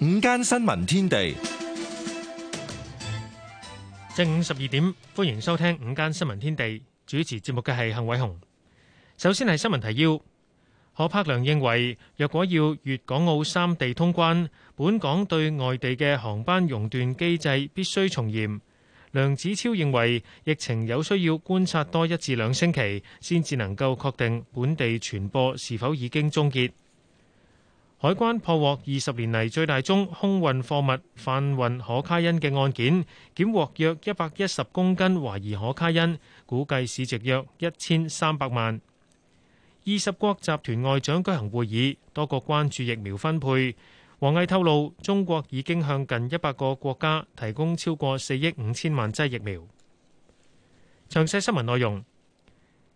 午間新聞天地，正午十二點，歡迎收聽午間新聞天地。主持節目嘅係幸偉雄。首先係新聞提要。何柏良認為，若果要粵港澳三地通關，本港對外地嘅航班熔斷機制必須從嚴。梁子超認為，疫情有需要觀察多一至兩星期，先至能夠確定本地傳播是否已經終結。海關破獲二十年嚟最大宗空運貨物販運可卡因嘅案件，檢獲約一百一十公斤懷疑可卡因，估計市值約一千三百萬。二十國集團外長舉行會議，多個關注疫苗分配。王毅透露，中國已經向近一百個國家提供超過四億五千萬劑疫苗。詳細新聞內容。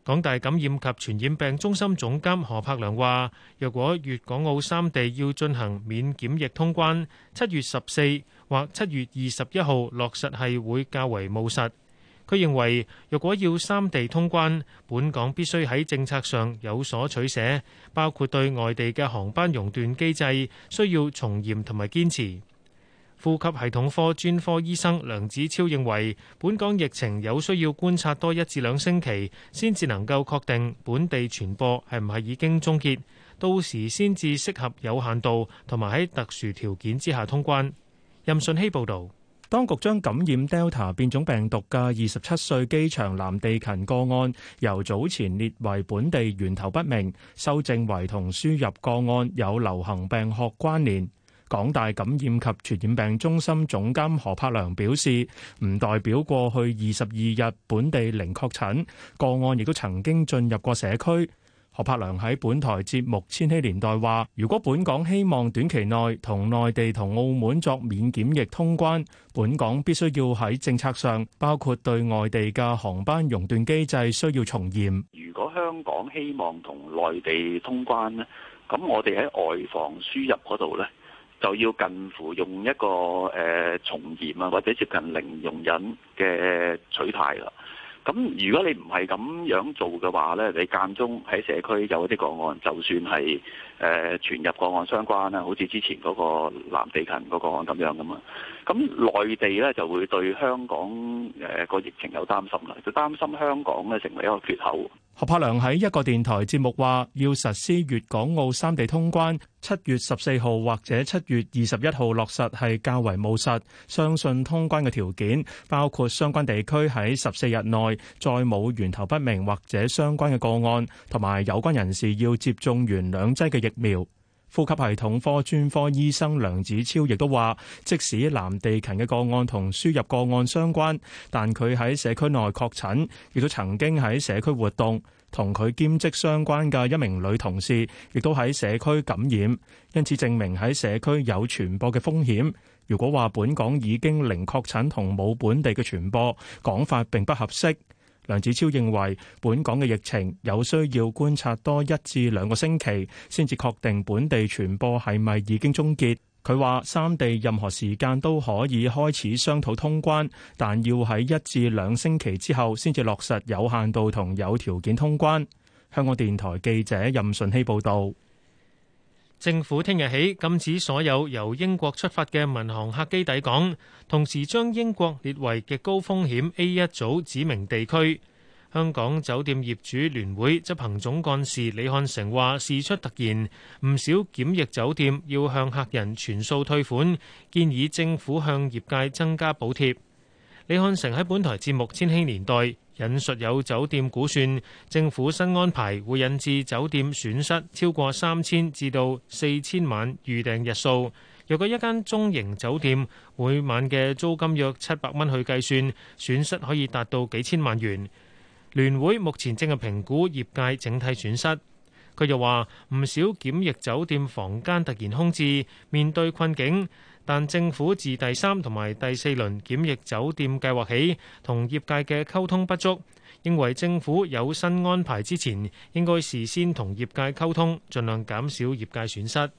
港大感染及傳染病中心總監何柏良話：若果粵港澳三地要進行免檢疫通關，七月十四或七月二十一號落實係會較為務實。佢認為，若果要三地通關，本港必須喺政策上有所取捨，包括對外地嘅航班熔斷機制，需要從嚴同埋堅持。呼吸系統科專科醫生梁子超認為，本港疫情有需要觀察多一至兩星期，先至能夠確定本地傳播係唔係已經終結，到時先至適合有限度同埋喺特殊條件之下通關。任順熙報道，當局將感染 Delta 變種病毒嘅二十七歲機場藍地勤個案由早前列為本地源頭不明，修正為同輸入個案有流行病學關聯。港大感染及傳染病中心總監何柏良表示，唔代表過去二十二日本地零確診個案，亦都曾經進入過社區。何柏良喺本台節目《千禧年代》話，如果本港希望短期內同內地同澳門作免檢疫通關，本港必須要喺政策上，包括對外地嘅航班熔斷機制需要從嚴。如果香港希望同內地通關咧，咁我哋喺外防輸入嗰度咧，就要近乎用一個誒從嚴啊，或者接近零容忍嘅取態啦。咁如果你唔係咁樣做嘅話呢，你間中喺社區有啲個案，就算係誒傳入個案相關啊，好似之前嗰個藍地勤個,個案咁樣噶嘛。咁內地呢就會對香港誒個疫情有擔心啦，就擔心香港咧成為一個缺口。何柏良喺一個電台節目話，要實施粵港澳三地通關，七月十四號或者七月二十一號落實係較為務實。相信通關嘅條件包括相關地區喺十四日內再冇源頭不明或者相關嘅個案，同埋有關人士要接種完兩劑嘅疫苗。呼吸系統科專科醫生梁子超亦都話：即使藍地勤嘅個案同輸入個案相關，但佢喺社區內確診，亦都曾經喺社區活動，同佢兼職相關嘅一名女同事亦都喺社區感染，因此證明喺社區有傳播嘅風險。如果話本港已經零確診同冇本地嘅傳播，講法並不合適。梁子超認為，本港嘅疫情有需要觀察多一至兩個星期，先至確定本地傳播係咪已經終結。佢話，三地任何時間都可以開始商討通關，但要喺一至兩星期之後先至落實有限度同有條件通關。香港電台記者任順希報道。政府聽日起禁止所有由英國出發嘅民航客機抵港，同時將英國列為極高風險 A 一組指明地區。香港酒店業主聯會執行總幹事李漢成話：事出突然，唔少檢疫酒店要向客人全數退款，建議政府向業界增加補貼。李漢成喺本台節目《千禧年代》。引述有酒店估算，政府新安排會引致酒店損失超過三千至到四千萬預訂日數。若果一間中型酒店每晚嘅租金約七百蚊去計算，損失可以達到幾千萬元。聯會目前正係評估業界整體損失。佢又話：唔少檢疫酒店房間突然空置，面對困境。但政府自第三同埋第四輪檢疫酒店計劃起，同業界嘅溝通不足，認為政府有新安排之前應該事先同業界溝通，盡量減少業界損失。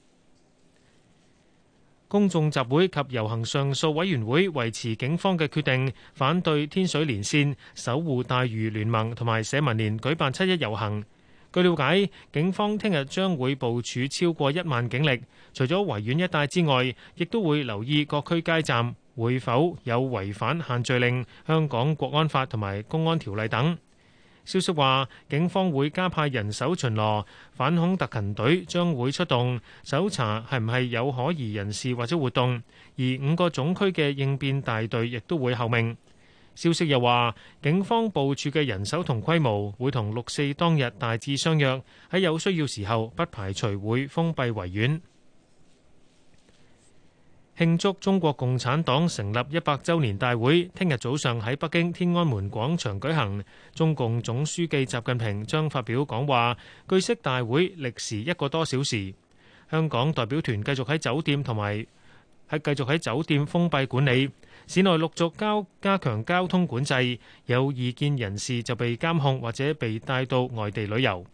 公眾集會及遊行上訴委員會維持警方嘅決定，反對天水連線、守護大嶼聯盟同埋社民連舉辦七一遊行。據了解，警方聽日將會部署超過一萬警力，除咗維園一帶之外，亦都會留意各區街站，會否有違反限聚令、香港國安法同埋公安條例等。消息話，警方會加派人手巡邏，反恐特勤隊將會出動搜查，係唔係有可疑人士或者活動，而五個總區嘅應變大隊亦都會候命。消息又話，警方部署嘅人手同規模會同六四當日大致相若，喺有需要時候不排除會封閉維園。慶祝中國共產黨成立一百週年大會，聽日早上喺北京天安門廣場舉行，中共總書記習近平將發表講話。據悉，大會歷時一個多小時。香港代表團繼續喺酒店同埋。係繼續喺酒店封閉管理，市內陸續交加強交通管制，有異見人士就被監控或者被帶到外地旅遊。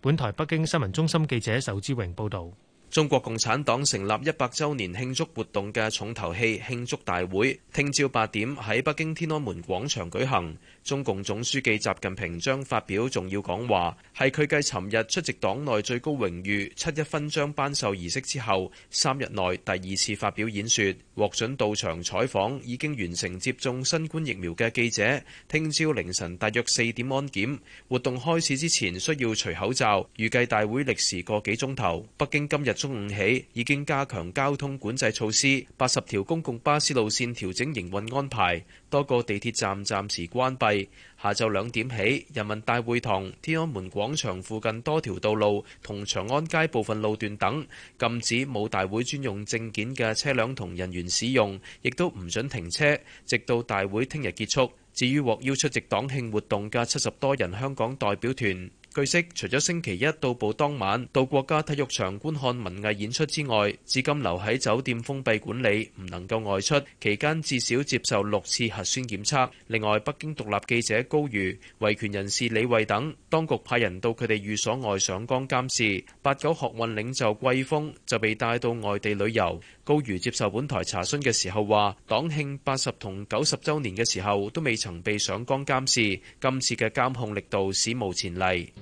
本台北京新聞中心記者仇志榮報導。中國共產黨成立一百週年慶祝活動嘅重頭戲慶祝大會，聽朝八點喺北京天安門廣場舉行。中共總書記習近平將發表重要講話，係佢繼尋日出席黨內最高榮譽七一勳章頒授儀式之後，三日內第二次發表演說。獲准到場採訪已經完成接種新冠疫苗嘅記者。聽朝凌晨大約四點安檢活動開始之前需要除口罩。預計大會歷時個幾鐘頭。北京今日中午起已經加強交通管制措施，八十條公共巴士路線調整營運安排。多個地鐵站暫時關閉，下晝兩點起，人民大會堂、天安門廣場附近多條道路同長安街部分路段等禁止冇大會專用證件嘅車輛同人員使用，亦都唔准停車，直到大會聽日結束。至於獲邀出席黨慶活動嘅七十多人香港代表團。據悉，除咗星期一到埗當晚到國家體育場觀看文藝演出之外，至今留喺酒店封閉管理，唔能夠外出。期間至少接受六次核酸檢測。另外，北京獨立記者高瑜、維權人士李慧等，當局派人到佢哋寓所外上崗監視。八九學運領袖季峰就被帶到外地旅遊。高瑜接受本台查詢嘅時候話，黨慶八十同九十週年嘅時候都未曾被上崗監視，今次嘅監控力度史無前例。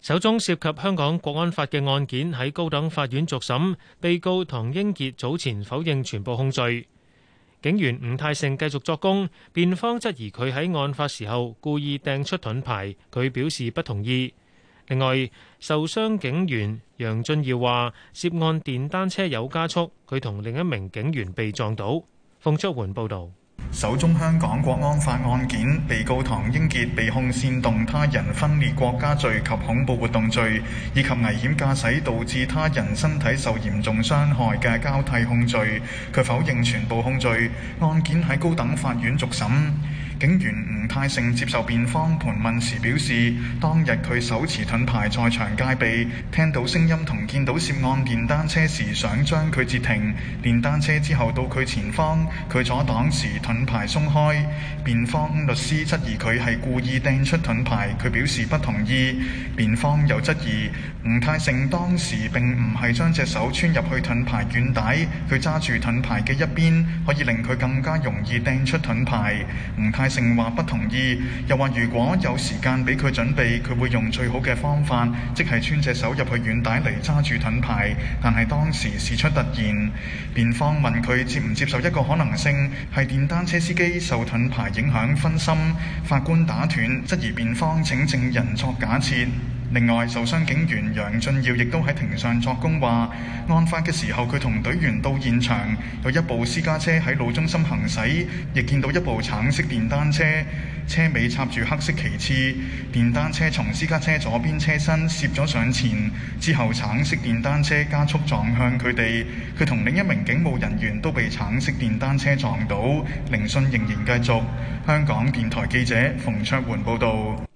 首宗涉及香港國安法嘅案件喺高等法院續審，被告唐英傑早前否認全部控罪。警員吳泰勝繼續作供，辯方質疑佢喺案發時候故意掟出盾牌，佢表示不同意。另外，受傷警員楊俊耀話，涉案電單車有加速，佢同另一名警員被撞倒。馮卓桓報道。首宗香港國安法案件，被告唐英傑被控煽動他人分裂國家罪及恐怖活動罪，以及危險駕駛導致他人身體受嚴重傷害嘅交替控罪，佢否認全部控罪。案件喺高等法院續審。警員吳泰盛接受辯方盤問時表示，當日佢手持盾牌在場戒備，聽到聲音同見到涉案電單車時，想將佢截停。電單車之後到佢前方，佢阻擋時盾牌鬆開。辯方律師質疑佢係故意掟出盾牌，佢表示不同意。辯方又質疑吳泰盛當時並唔係將隻手穿入去盾牌軟底，佢揸住盾牌嘅一邊，可以令佢更加容易掟出盾牌。吳泰成話不同意，又話如果有時間俾佢準備，佢會用最好嘅方法，即係穿隻手入去軟帶嚟揸住盾牌。但係當時事出突然。辯方問佢接唔接受一個可能性，係電單車司機受盾牌影響分心。法官打斷，質疑辯方請證人作假設。另外，受傷警員楊俊耀亦都喺庭上作供，話案發嘅時候，佢同隊員到現場，有一部私家車喺路中心行駛，亦見到一部橙色電單車，車尾插住黑色旗幟，電單車從私家車左邊車身攝咗上前，之後橙色電單車加速撞向佢哋，佢同另一名警務人員都被橙色電單車撞到，聆訊仍然繼續。香港電台記者馮卓煥報導。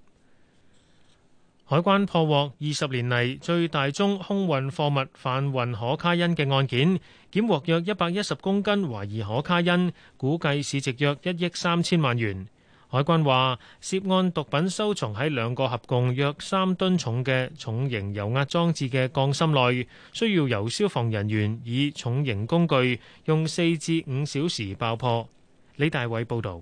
海關破獲二十年嚟最大宗空運貨物販運可卡因嘅案件，檢獲約一百一十公斤懷疑可卡因，估計市值約一億三千萬元。海關話，涉案毒品收藏喺兩個合共約三噸重嘅重型油壓裝置嘅鋼芯內，需要由消防人員以重型工具用四至五小時爆破。李大偉報導。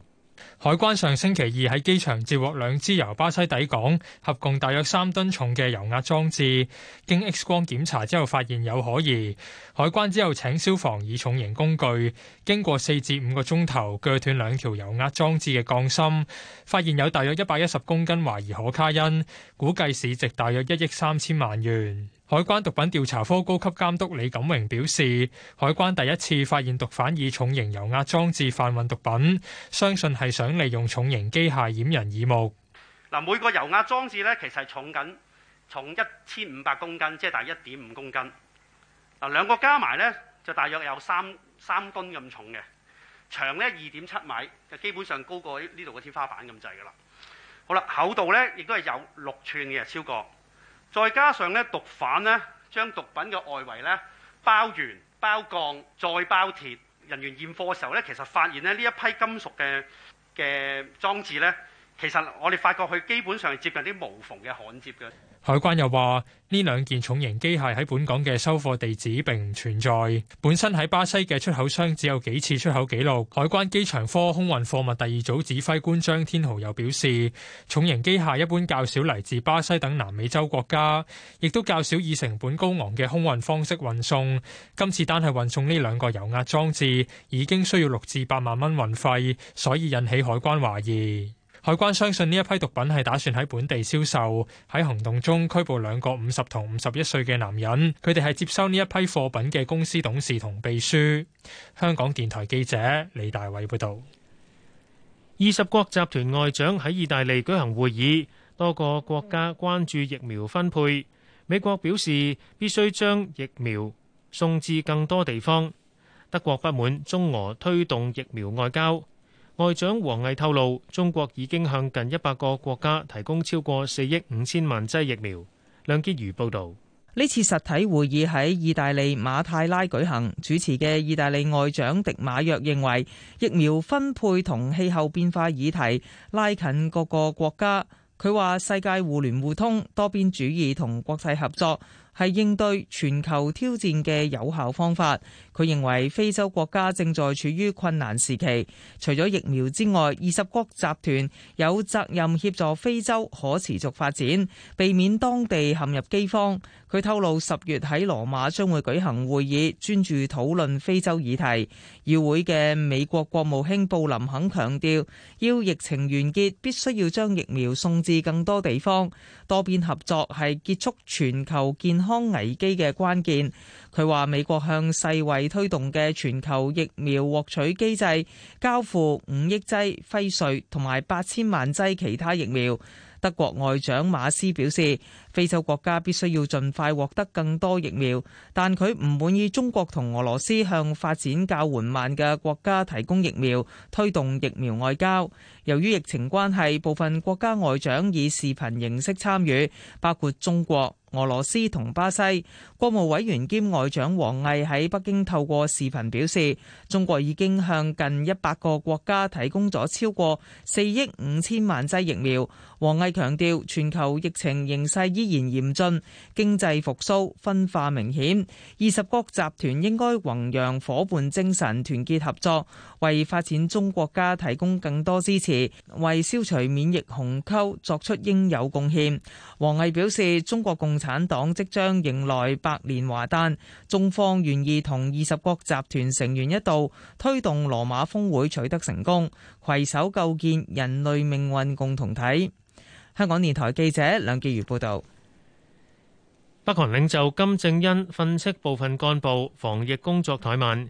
海關上星期二喺機場接獲兩支由巴西抵港合共大約三噸重嘅油壓裝置，經 X 光檢查之後發現有可疑。海關之後請消防以重型工具，經過四至五個鐘頭鋸斷兩條油壓裝置嘅鋼芯，發現有大約一百一十公斤懷疑可卡因，估計市值大約一億三千萬元。海關毒品調查科高級監督李錦榮表示，海關第一次發現毒販以重型油壓裝置販運毒品，相信係想利用重型機械掩人耳目。嗱，每個油壓裝置咧，其實重緊重一千五百公斤，即係大一點五公斤。嗱，兩個加埋呢，就大約有三三噸咁重嘅，長呢，二點七米，就基本上高過呢度嘅天花板咁滯噶啦。好啦，厚度呢亦都係有六寸嘅，超過。再加上咧，毒販咧將毒品嘅外圍咧包鉛、包鋼、再包鐵。人員驗貨嘅時候咧，其實發現咧呢一批金屬嘅嘅裝置咧，其實我哋發覺佢基本上係接近啲無縫嘅焊接嘅。海關又話，呢兩件重型機械喺本港嘅收貨地址並唔存在，本身喺巴西嘅出口商只有幾次出口記錄。海關機場科空運貨物第二組指揮官張天豪又表示，重型機械一般較少嚟自巴西等南美洲國家，亦都較少以成本高昂嘅空運方式運送。今次單係運送呢兩個油壓裝置，已經需要六至八萬蚊運費，所以引起海關懷疑。海關相信呢一批毒品係打算喺本地銷售。喺行動中拘捕兩個五十同五十一歲嘅男人，佢哋係接收呢一批貨品嘅公司董事同秘書。香港電台記者李大偉報道。二十國集團外長喺意大利舉行會議，多個國家關注疫苗分配。美國表示必須將疫苗送至更多地方。德國不滿中俄推動疫苗外交。外長王毅透露，中國已經向近一百個國家提供超過四億五千萬劑疫苗。梁潔如報道，呢次實體會議喺意大利馬泰拉舉行，主持嘅意大利外長迪馬約認為，疫苗分配同氣候變化議題拉近各個國家。佢話世界互聯互通、多邊主義同國際合作，係應對全球挑戰嘅有效方法。佢認為非洲國家正在處於困難時期，除咗疫苗之外，二十國集團有責任協助非洲可持續發展，避免當地陷入饑荒。佢透露十月喺羅馬將會舉行會議，專注討論非洲議題。議會嘅美國國務卿布林肯強調，要疫情完結必須要將疫苗送至更多地方。多邊合作係結束全球健康危機嘅關鍵，佢話美國向世衛推動嘅全球疫苗獲取機制，交付五億劑輝瑞同埋八千萬劑其他疫苗。德國外長馬斯表示，非洲國家必須要盡快獲得更多疫苗，但佢唔滿意中國同俄羅斯向發展較緩慢嘅國家提供疫苗，推動疫苗外交。由於疫情關係，部分國家外長以視頻形式參與，包括中國。俄羅斯同巴西國務委員兼外長王毅喺北京透過視頻表示，中國已經向近一百個國家提供咗超過四億五千萬劑疫苗。王毅強調，全球疫情形勢依然嚴峻，經濟復甦分化明顯。二十國集團應該弘揚夥伴精神，團結合作，為發展中國家提供更多支持，為消除免疫鴻溝作出應有貢獻。王毅表示，中國共產黨即將迎來百年華誕，中方願意同二十國集團成員一道推動羅馬峰會取得成功，携手構建人類命運共同體。香港電台記者梁健如報道：北韓領袖金正恩訓斥部分幹部，防疫工作怠慢。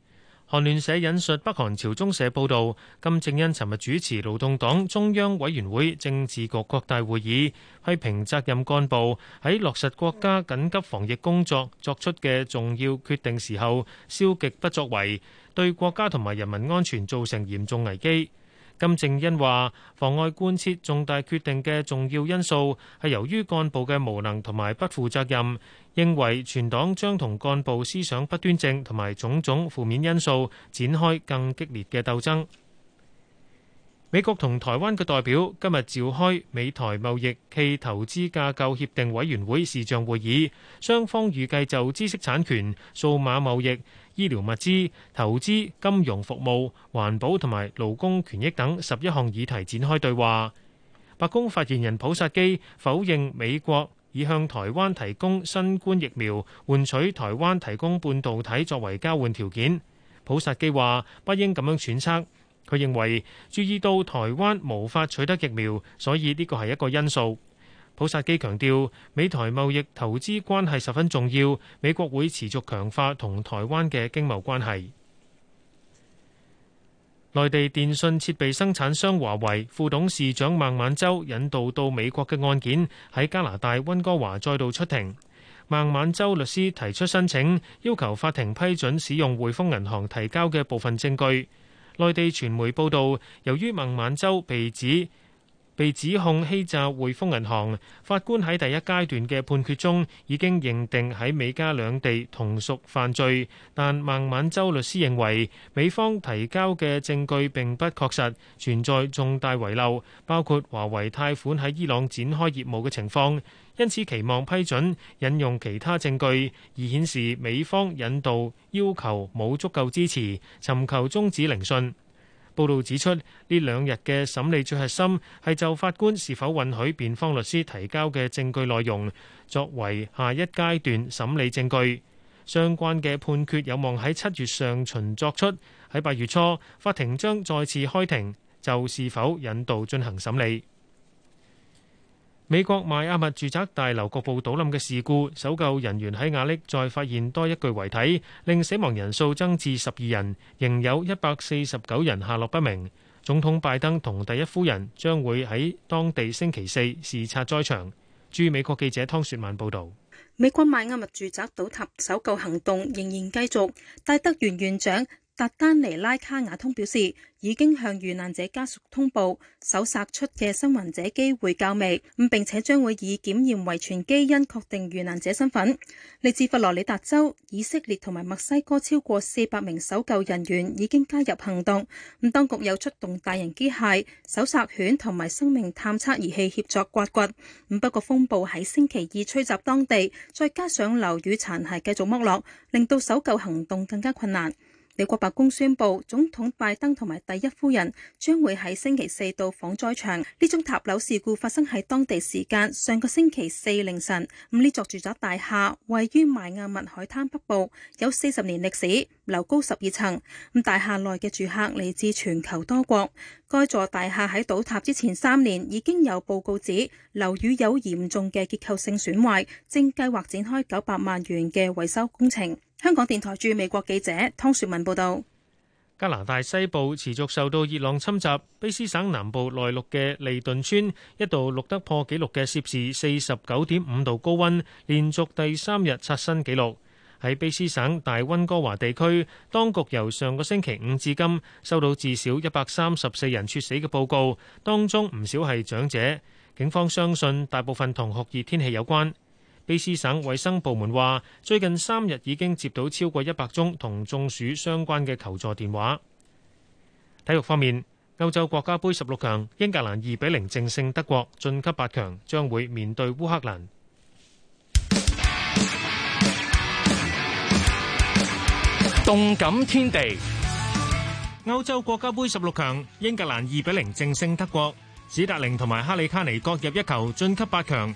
韓聯社引述北韓朝中社報導，金正恩尋日主持勞動黨中央委員會政治局擴大會議，批評責任幹部喺落實國家緊急防疫工作作出嘅重要決定時候消極不作為，對國家同埋人民安全造成嚴重危機。金正恩話：妨礙貫徹重大決定嘅重要因素係由於幹部嘅無能同埋不負責任，認為全黨將同幹部思想不端正同埋種種負面因素，展開更激烈嘅鬥爭。美國同台灣嘅代表今日召開美台貿易暨投資架構協定委員會視像會議，雙方預計就知識產權、數碼貿易、醫療物資、投資、金融服務、環保同埋勞工權益等十一項議題展開對話。白宮發言人普薩基否認美國已向台灣提供新冠疫苗，換取台灣提供半導體作為交換條件。普薩基話，不應咁樣揣測。佢認為注意到台灣無法取得疫苗，所以呢個係一個因素。普薩基強調，美台貿易投資關係十分重要，美國會持續強化同台灣嘅經貿關係。內地電訊設備生產商華為副董事長孟晚舟引渡到美國嘅案件喺加拿大溫哥華再度出庭。孟晚舟律師提出申請，要求法庭批准使用匯豐銀行提交嘅部分證據。內地傳媒報導，由於孟晚舟被指，被指控欺詐匯豐銀行，法官喺第一階段嘅判決中已經認定喺美加兩地同屬犯罪，但孟晚舟律師認為美方提交嘅證據並不確實，存在重大遺漏，包括華為貸款喺伊朗展開業務嘅情況，因此期望批准引用其他證據，而顯示美方引導要求冇足夠支持，尋求終止聆訊。報道指出，呢兩日嘅審理最核心係就法官是否允許辯方律師提交嘅證據內容作為下一階段審理證據。相關嘅判決有望喺七月上旬作出，喺八月初法庭將再次開庭就是否引渡進行審理。美國邁阿密住宅大樓局部倒冧嘅事故，搜救人員喺瓦礫再發現多一具遺體，令死亡人數增至十二人，仍有一百四十九人下落不明。總統拜登同第一夫人將會喺當地星期四視察災場。駐美國記者湯雪曼報道：美國邁阿密住宅倒塌搜救行動仍然繼續，戴德元園長。達丹尼拉卡瓦通表示，已經向遇難者家屬通報，搜殺出嘅生還者機會較微咁，並且將會以檢驗遺傳基因確定遇難者身份。嚟自佛羅里達州、以色列同埋墨西哥超過四百名搜救人員已經加入行動咁，當局又出動大型機械、搜殺犬同埋生命探測儀器協助挖掘。不過，風暴喺星期二吹襲當地，再加上樓宇殘骸繼續剝落，令到搜救行動更加困難。美國白宮宣布，總統拜登同埋第一夫人將會喺星期四到訪災場。呢宗塔樓事故發生喺當地時間上個星期四凌晨。咁呢座住宅大廈位於邁阿密海灘北部，有四十年歷史，樓高十二層。咁大廈內嘅住客嚟自全球多國。該座大廈喺倒塌之前三年已經有報告指樓宇有嚴重嘅結構性損壞，正計劃展開九百萬元嘅維修工程。香港電台駐美國記者湯雪文報道：加拿大西部持續受到熱浪侵襲，卑詩省南部內陸嘅利頓村一度錄得破紀錄嘅攝氏四十九點五度高溫，連續第三日刷新紀錄。喺卑詩省大溫哥華地區，當局由上個星期五至今收到至少一百三十四人猝死嘅報告，當中唔少係長者。警方相信大部分同酷熱天氣有關。卑斯省衛生部門話，最近三日已經接到超過一百宗同中暑相關嘅求助電話。體育方面，歐洲國家杯十六強，英格蘭二比零正勝德國，晉級八強，將會面對烏克蘭。動感天地，歐洲國家杯十六強，英格蘭二比零正勝德國，史達寧同埋哈利卡尼各入一球，晉級八強。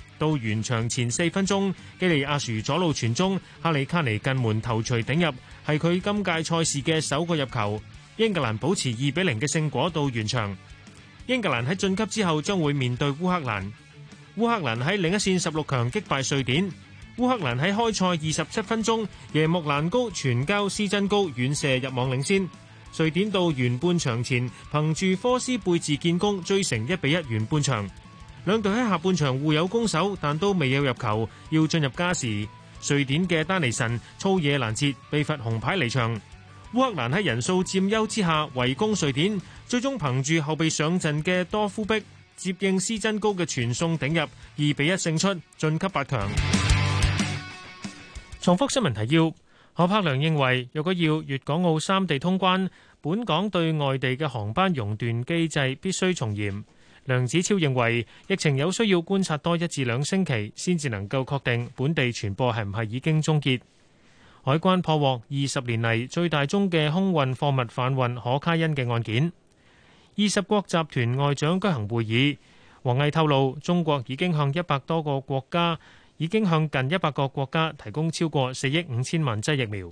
到完場前四分鐘，基利亞殊左路傳中，哈利卡尼近門頭槌頂入，係佢今屆賽事嘅首個入球。英格蘭保持二比零嘅勝果到完場。英格蘭喺晉級之後將會面對烏克蘭。烏克蘭喺另一線十六強擊敗瑞典。烏克蘭喺開賽二十七分鐘，耶木蘭高傳交斯真高遠射入網領先。瑞典到完半場前，憑住科斯貝治建功追成一比一完半場。兩隊喺下半場互有攻守，但都未有入球，要進入加時。瑞典嘅丹尼臣粗野攔截，被罰紅牌離場。烏克蘭喺人數佔優之下圍攻瑞典，最終憑住後備上陣嘅多夫壁接應斯真高嘅傳送頂入二比一勝出，晉級八強。重複新聞提要：何柏良認為，若果要粵港澳三地通關，本港對外地嘅航班熔斷機制必須從嚴。梁子超認為疫情有需要觀察多一至兩星期，先至能夠確定本地傳播係唔係已經終結。海關破獲二十年嚟最大宗嘅空運貨物販運可卡因嘅案件。二十國集團外長舉行會議，王毅透露，中國已經向一百多個國家已經向近一百個國家提供超過四億五千萬劑疫苗。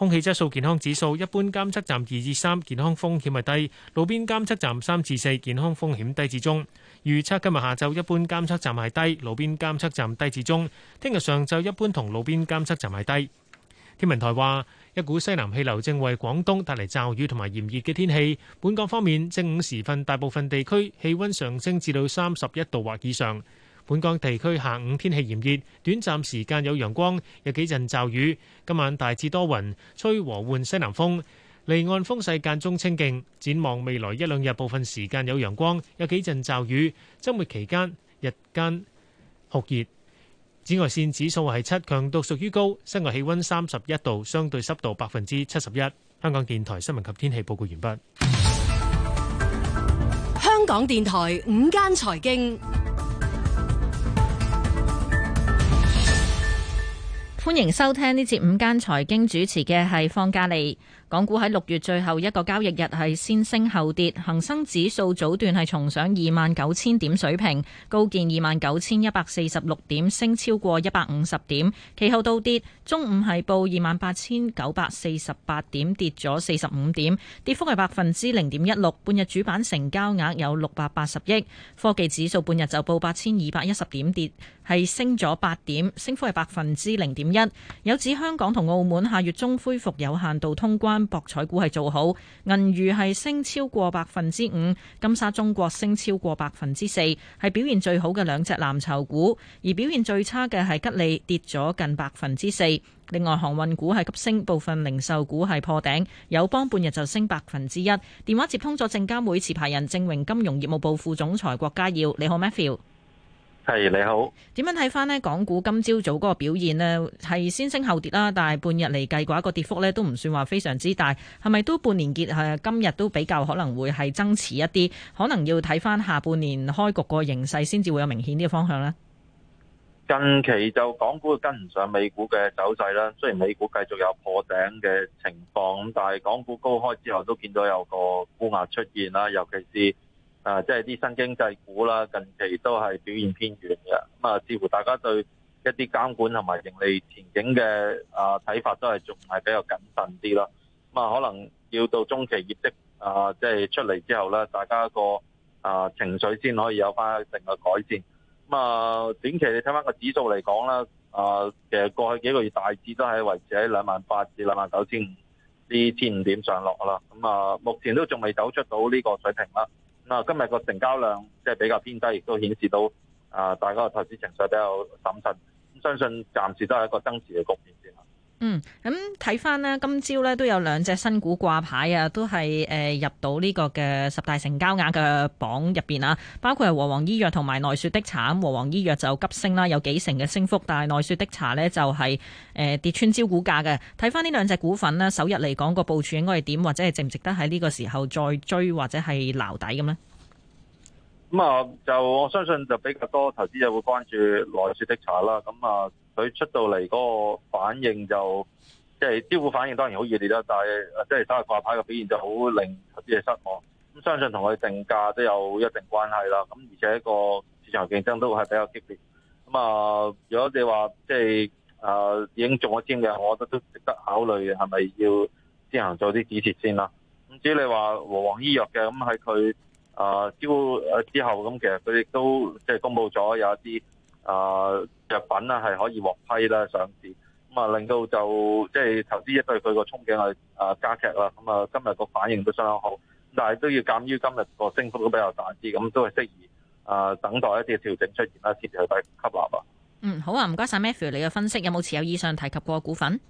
空氣質素健康指數一般監測站二至三，健康風險係低；路邊監測站三至四，健康風險低至中。預測今日下晝一般監測站係低，路邊監測站低至中。聽日上晝一般同路邊監測站係低。天文台話，一股西南氣流正為廣東帶嚟驟雨同埋炎熱嘅天氣。本港方面，正午時分，大部分地區氣溫上升至到三十一度或以上。本港地區下午天氣炎熱，短暫時間有陽光，有幾陣驟雨。今晚大致多雲，吹和緩西南風，離岸風勢間中清勁。展望未來一兩日，部分時間有陽光，有幾陣驟雨。周末期間，日間酷熱，紫外線指數係七，強度屬於高。室外氣溫三十一度，相對濕度百分之七十一。香港電台新聞及天氣報告完畢。香港電台午間財經。歡迎收聽呢節午間財經，主持嘅係方嘉利。港股喺六月最後一個交易日係先升後跌，恒生指數早段係重上二萬九千點水平，高見二萬九千一百四十六點，升超過一百五十點。其後倒跌，中午係報二萬八千九百四十八點，跌咗四十五點，跌幅係百分之零點一六。半日主板成交額有六百八十億，科技指數半日就報八千二百一十點跌，跌係升咗八點，升幅係百分之零點一。有指香港同澳門下月中恢復有限度通關。博彩股係做好，銀娛係升超過百分之五，金沙中國升超過百分之四，係表現最好嘅兩隻藍籌股。而表現最差嘅係吉利跌咗近百分之四。另外航運股係急升，部分零售股係破頂，友邦半日就升百分之一。電話接通咗證監會持牌人正榮金融業務部副總裁郭家耀，你好 Matthew。係、hey，你好，點樣睇翻呢？港股今朝早嗰個表現呢，係先升後跌啦。但係半日嚟計嘅話，個跌幅咧都唔算話非常之大。係咪都半年結？誒，今日都比較可能會係增持一啲，可能要睇翻下半年開局個形勢先至會有明顯啲嘅方向呢。近期就港股跟唔上美股嘅走勢啦。雖然美股繼續有破頂嘅情況，但係港股高開之後都見到有個沽壓出現啦，尤其是。啊，即係啲新經濟股啦，近期都係表現偏軟嘅。咁啊，似乎大家對一啲監管同埋盈利前景嘅啊睇法都係仲係比較謹慎啲啦。咁啊，可能要到中期業績啊，即係出嚟之後咧，大家個啊情緒先可以有翻一定嘅改善。咁啊，短期你睇翻個指數嚟講啦，啊，其實過去幾個月大致都係維持喺兩萬八至兩萬九千五，呢千五點上落啦。咁啊，目前都仲未走出到呢個水平啦。啊，今日個成交量即係比較偏低，亦都顯示到啊，大家嘅投資情緒比較審慎。相信暫時都係一個增持嘅局面。嗯，咁睇翻呢，今朝呢都有兩隻新股掛牌啊，都係誒、呃、入到呢個嘅十大成交額嘅榜入邊啊，包括係和黃醫藥同埋奈雪的茶。和黃醫藥就急升啦，有幾成嘅升幅，但係奈雪的茶呢，就係、是、誒、呃、跌穿招股價嘅。睇翻呢兩隻股份呢，首日嚟講個部署應該係點，或者係值唔值得喺呢個時候再追或者係撈底咁呢？咁啊、嗯呃，就我相信就比較多投資者會關注奈雪的茶啦。咁、嗯、啊。嗯嗯佢出到嚟嗰個反應就即係，就是、招股反應當然好熱烈啦，但係即係三日掛牌嘅表現就好令啲人失望。咁相信同佢定價都有一定關係啦。咁而且個市場競爭都係比較激烈。咁、嗯、啊，如果你話即係啊已經中咗簽嘅，我覺得都值得考慮係咪要先行做啲止蝕先啦。咁至於你話和黃醫藥嘅，咁喺佢啊招之後咁，其實佢亦都即係、就是、公布咗有一啲。啊，藥品啊，係可以獲批啦上市，咁、嗯、啊令到就即係投資一對佢個憧憬去啊加劇啦，咁、嗯、啊今日個反應都相當好，但係都要鑑於今日個升幅都比較大啲，咁、嗯、都係適宜啊等待一啲嘅調整出現啦，先去睇吸納啊。嗯，好啊，唔該晒。Matthew 你嘅分析有冇持有以上提及過股份？誒、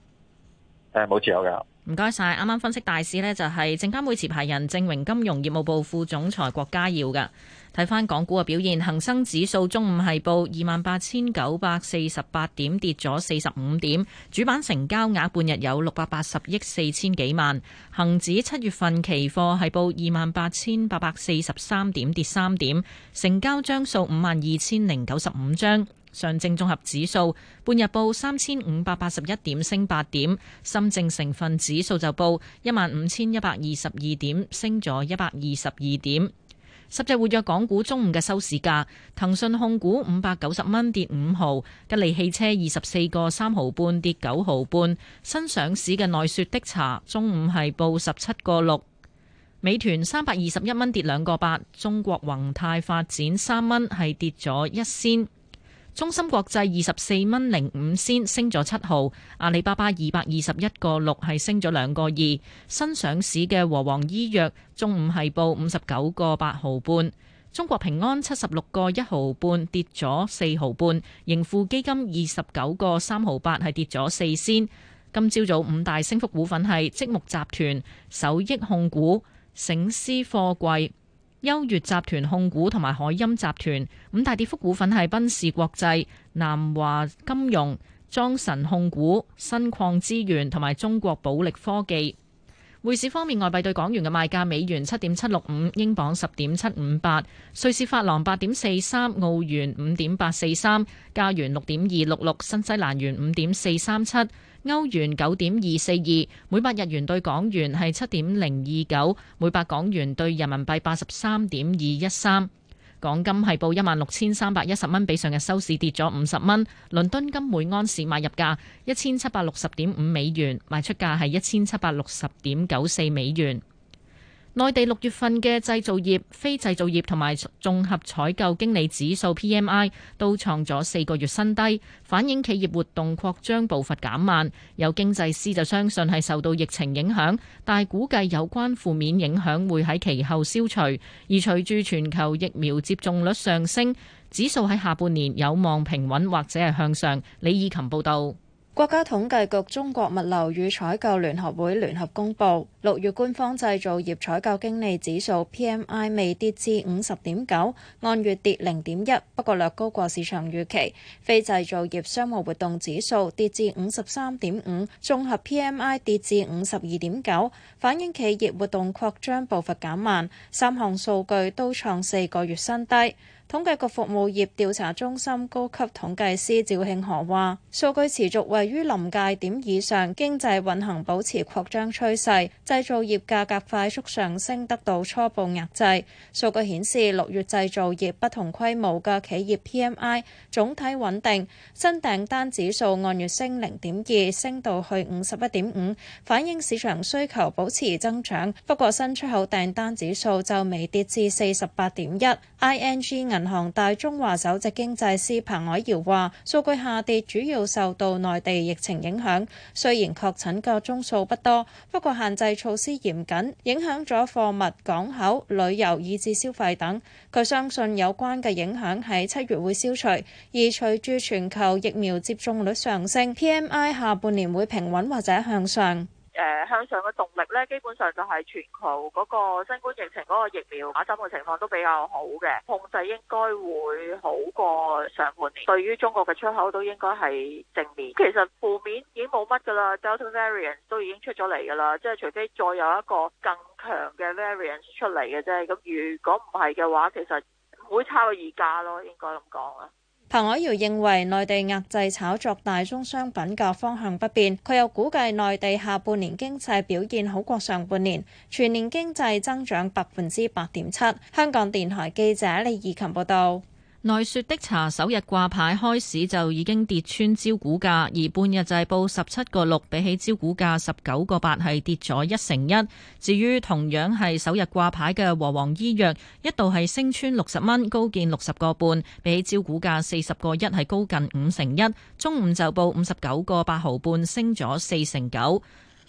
嗯，冇持有嘅。唔該晒，啱啱分析大市咧，就係證監會持牌人正榮金融業務部副總裁郭家耀噶。睇翻港股嘅表現，恒生指數中午係報二萬八千九百四十八點，跌咗四十五點，主板成交額半日有六百八十億四千幾萬，恒指七月份期貨係報二萬八千八百四十三點，跌三點，成交張數五萬二千零九十五張。上證綜合指數半日報三千五百八十一點，升八點；深證成分指數就報一萬五千一百二十二點，升咗一百二十二點。十隻活躍港股中午嘅收市價，騰訊控股五百九十蚊，跌五毫；吉利汽車二十四個三毫半，跌九毫半；新上市嘅奈雪的茶中午係報十七個六；美團三百二十一蚊，跌兩個八；中國宏泰發展三蚊，係跌咗一仙。中芯國際二十四蚊零五仙，升咗七毫，阿里巴巴二百二十一個六係升咗兩個二，新上市嘅和黃醫藥中午係報五十九個八毫半，中國平安七十六個一毫半跌咗四毫半，盈富基金二十九個三毫八係跌咗四仙。今朝早五大升幅股份係積木集團、首益控股、勝獅貨櫃。優越集團控股同埋海音集團，五大跌幅股份係：賓仕國際、南華金融、莊臣控股、新礦資源同埋中國寶力科技。匯市方面，外幣對港元嘅賣價：美元七點七六五，英鎊十點七五八，瑞士法郎八點四三，澳元五點八四三，加元六點二六六，新西蘭元五點四三七。歐元九點二四二，每百日元對港元係七點零二九，每百港元對人民幣八十三點二一三。港金係報一萬六千三百一十蚊，比上日收市跌咗五十蚊。倫敦金每盎司買入價一千七百六十點五美元，賣出價係一千七百六十點九四美元。內地六月份嘅製造業、非製造業同埋綜合採購經理指數 PMI 都創咗四個月新低，反映企業活動擴張步伐減慢。有經濟師就相信係受到疫情影響，但估計有關負面影響會喺其後消除。而隨住全球疫苗接種率上升，指數喺下半年有望平穩或者係向上。李以琴報導。國家統計局、中國物流與採購聯合會聯合公布，六月官方製造業採購經理指數 PMI 微跌至五十點九，按月跌零點一，不過略高過市場預期。非製造業商務活動指數跌至五十三點五，綜合 PMI 跌至五十二點九，反映企業活動擴張步伐減慢，三項數據都創四個月新低。統計局服務業調查中心高級統計師趙慶河話：數據持續位於臨界點以上，經濟運行保持擴張趨勢。製造業價格快速上升得到初步壓制。數據顯示，六月製造業不同規模嘅企業 PMI 總體穩定，新訂單指數按月升零點二，升到去五十一點五，反映市場需求保持增長。不過新出口訂單指數就未跌至 48.1，ING 銀銀行大中華首席經濟師彭凱瑤話，數據下跌主要受到內地疫情影響，雖然確診個宗數不多，不過限制措施嚴謹，影響咗貨物、港口、旅遊以至消費等。佢相信有關嘅影響喺七月會消除，而隨住全球疫苗接種率上升，PMI 下半年會平穩或者向上。誒向上嘅動力咧，基本上就係全球嗰個新冠疫情嗰個疫苗打針嘅情況都比較好嘅，控制應該會好過上半年。對於中國嘅出口都應該係正面。其實負面已經冇乜㗎啦，Delta variants 都已經出咗嚟㗎啦，即係除非再有一個更強嘅 variants 出嚟嘅啫。咁如果唔係嘅話，其實唔會差過而家咯，應該咁講啊。彭海瑤認為，內地壓制炒作大宗商品嘅方向不變。佢又估計內地下半年經濟表現好過上半年，全年經濟增長百分之八點七。香港電台記者李怡琴報道。內雪的茶首日掛牌開始就已經跌穿招股價，而半日就係報十七個六，比起招股價十九個八係跌咗一成一。至於同樣係首日掛牌嘅和黃醫藥，一度係升穿六十蚊，高見六十個半，比起招股價四十個一係高近五成一。中午就報五十九個八毫半，升咗四成九。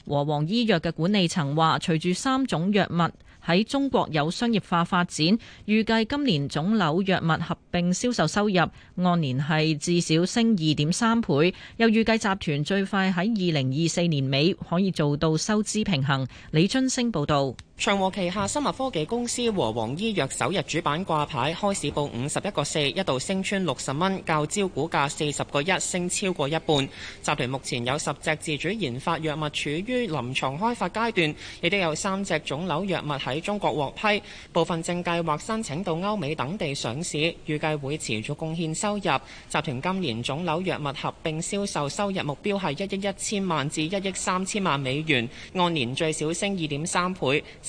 和黃醫藥嘅管理層話，隨住三種藥物。喺中國有商業化發展，預計今年腫瘤藥物合併銷售收入按年係至少升二點三倍，又預計集團最快喺二零二四年尾可以做到收支平衡。李津星報導。長和旗下生物科技公司和黃醫藥首日主板掛牌，開市報五十一個四，一度升穿六十蚊，較招股價四十個一，升超過一半。集團目前有十隻自主研發藥物處於臨床開發階段，亦都有三隻腫瘤藥物喺中國獲批，部分正計劃申請到歐美等地上市，預計會持續貢獻收入。集團今年腫瘤藥物合併銷售收入目標係一億一千萬至一億三千萬美元，按年最少升二點三倍。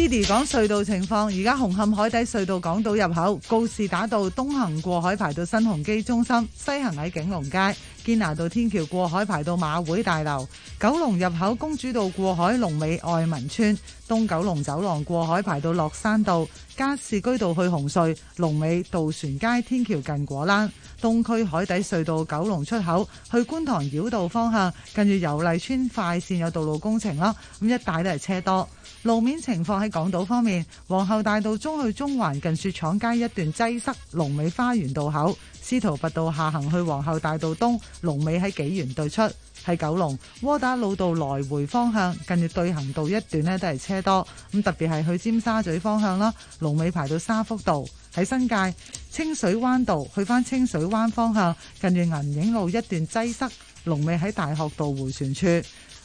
呢啲講隧道情況，而家紅磡海底隧道港島入口告士打道東行過海排到新鴻基中心，西行喺景隆街、堅拿道天橋過海排到馬會大樓；九龍入口公主道過海龍尾愛民村，東九龍走廊過海排到落山道，加士居道去紅隧龍尾渡船街天橋近果欄；東區海底隧道九龍出口去觀塘繞道方向，近住油麗邨快綫有道路工程啦，咁一帶都係車多。路面情況喺港島方面，皇后大道中去中環近雪廠街一段擠塞，龍尾花園道口；司徒拔道下行去皇后大道東，龍尾喺紀元對出，喺九龍；窩打老道來回方向近住對行道一段呢都係車多，咁特別係去尖沙咀方向啦，龍尾排到沙福道，喺新界清水灣道去返清水灣方向，近住銀影路一段擠塞，龍尾喺大學道迴旋處。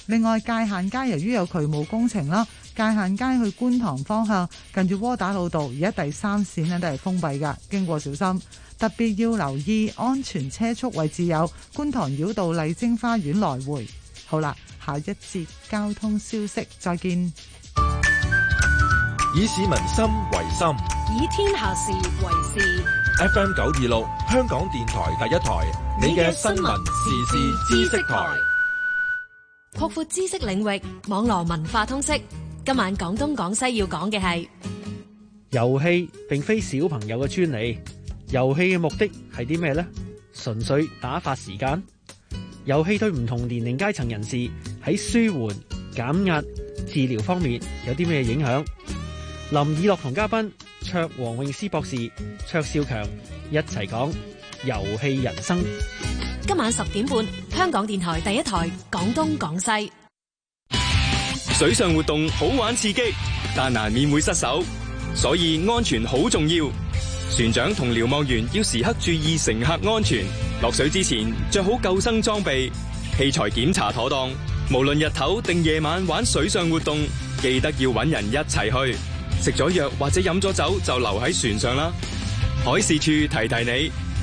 另外，界限街由於有渠務工程啦，界限街去觀塘方向近住窩打老道，而家第三線呢都係封閉噶，經過小心，特別要留意安全車速位置有觀塘繞道麗晶花園來回。好啦，下一節交通消息，再見。以市民心為心，以天下事為事。FM 九二六，香港電台第一台，你嘅新聞，新聞時事知識事台。擴闊知識領域，網絡文化通識。今晚廣東廣西要講嘅係遊戲，遊戲並非小朋友嘅專利。遊戲嘅目的係啲咩呢？純粹打發時間。遊戲對唔同年齡階層人士喺舒緩、減壓、治療方面有啲咩影響？林以樂同嘉賓卓王永思博士、卓少強一齊講遊戲人生。今晚十點半，香港電台第一台廣東廣西。水上活動好玩刺激，但難免會失手，所以安全好重要。船長同瞭望員要時刻注意乘客安全。落水之前，着好救生裝備，器材檢查妥當。無論日頭定夜晚玩水上活動，記得要搵人一齊去。食咗藥或者飲咗酒就留喺船上啦。海事處提提你。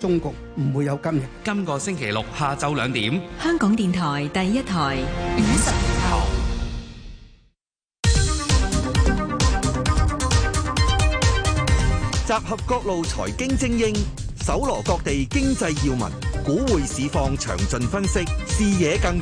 中國唔會有今日。今個星期六下晝兩點，香港電台第一台五十年後，集合各路財經精英，搜羅各地經濟要聞，股匯市況詳盡分析，視野更。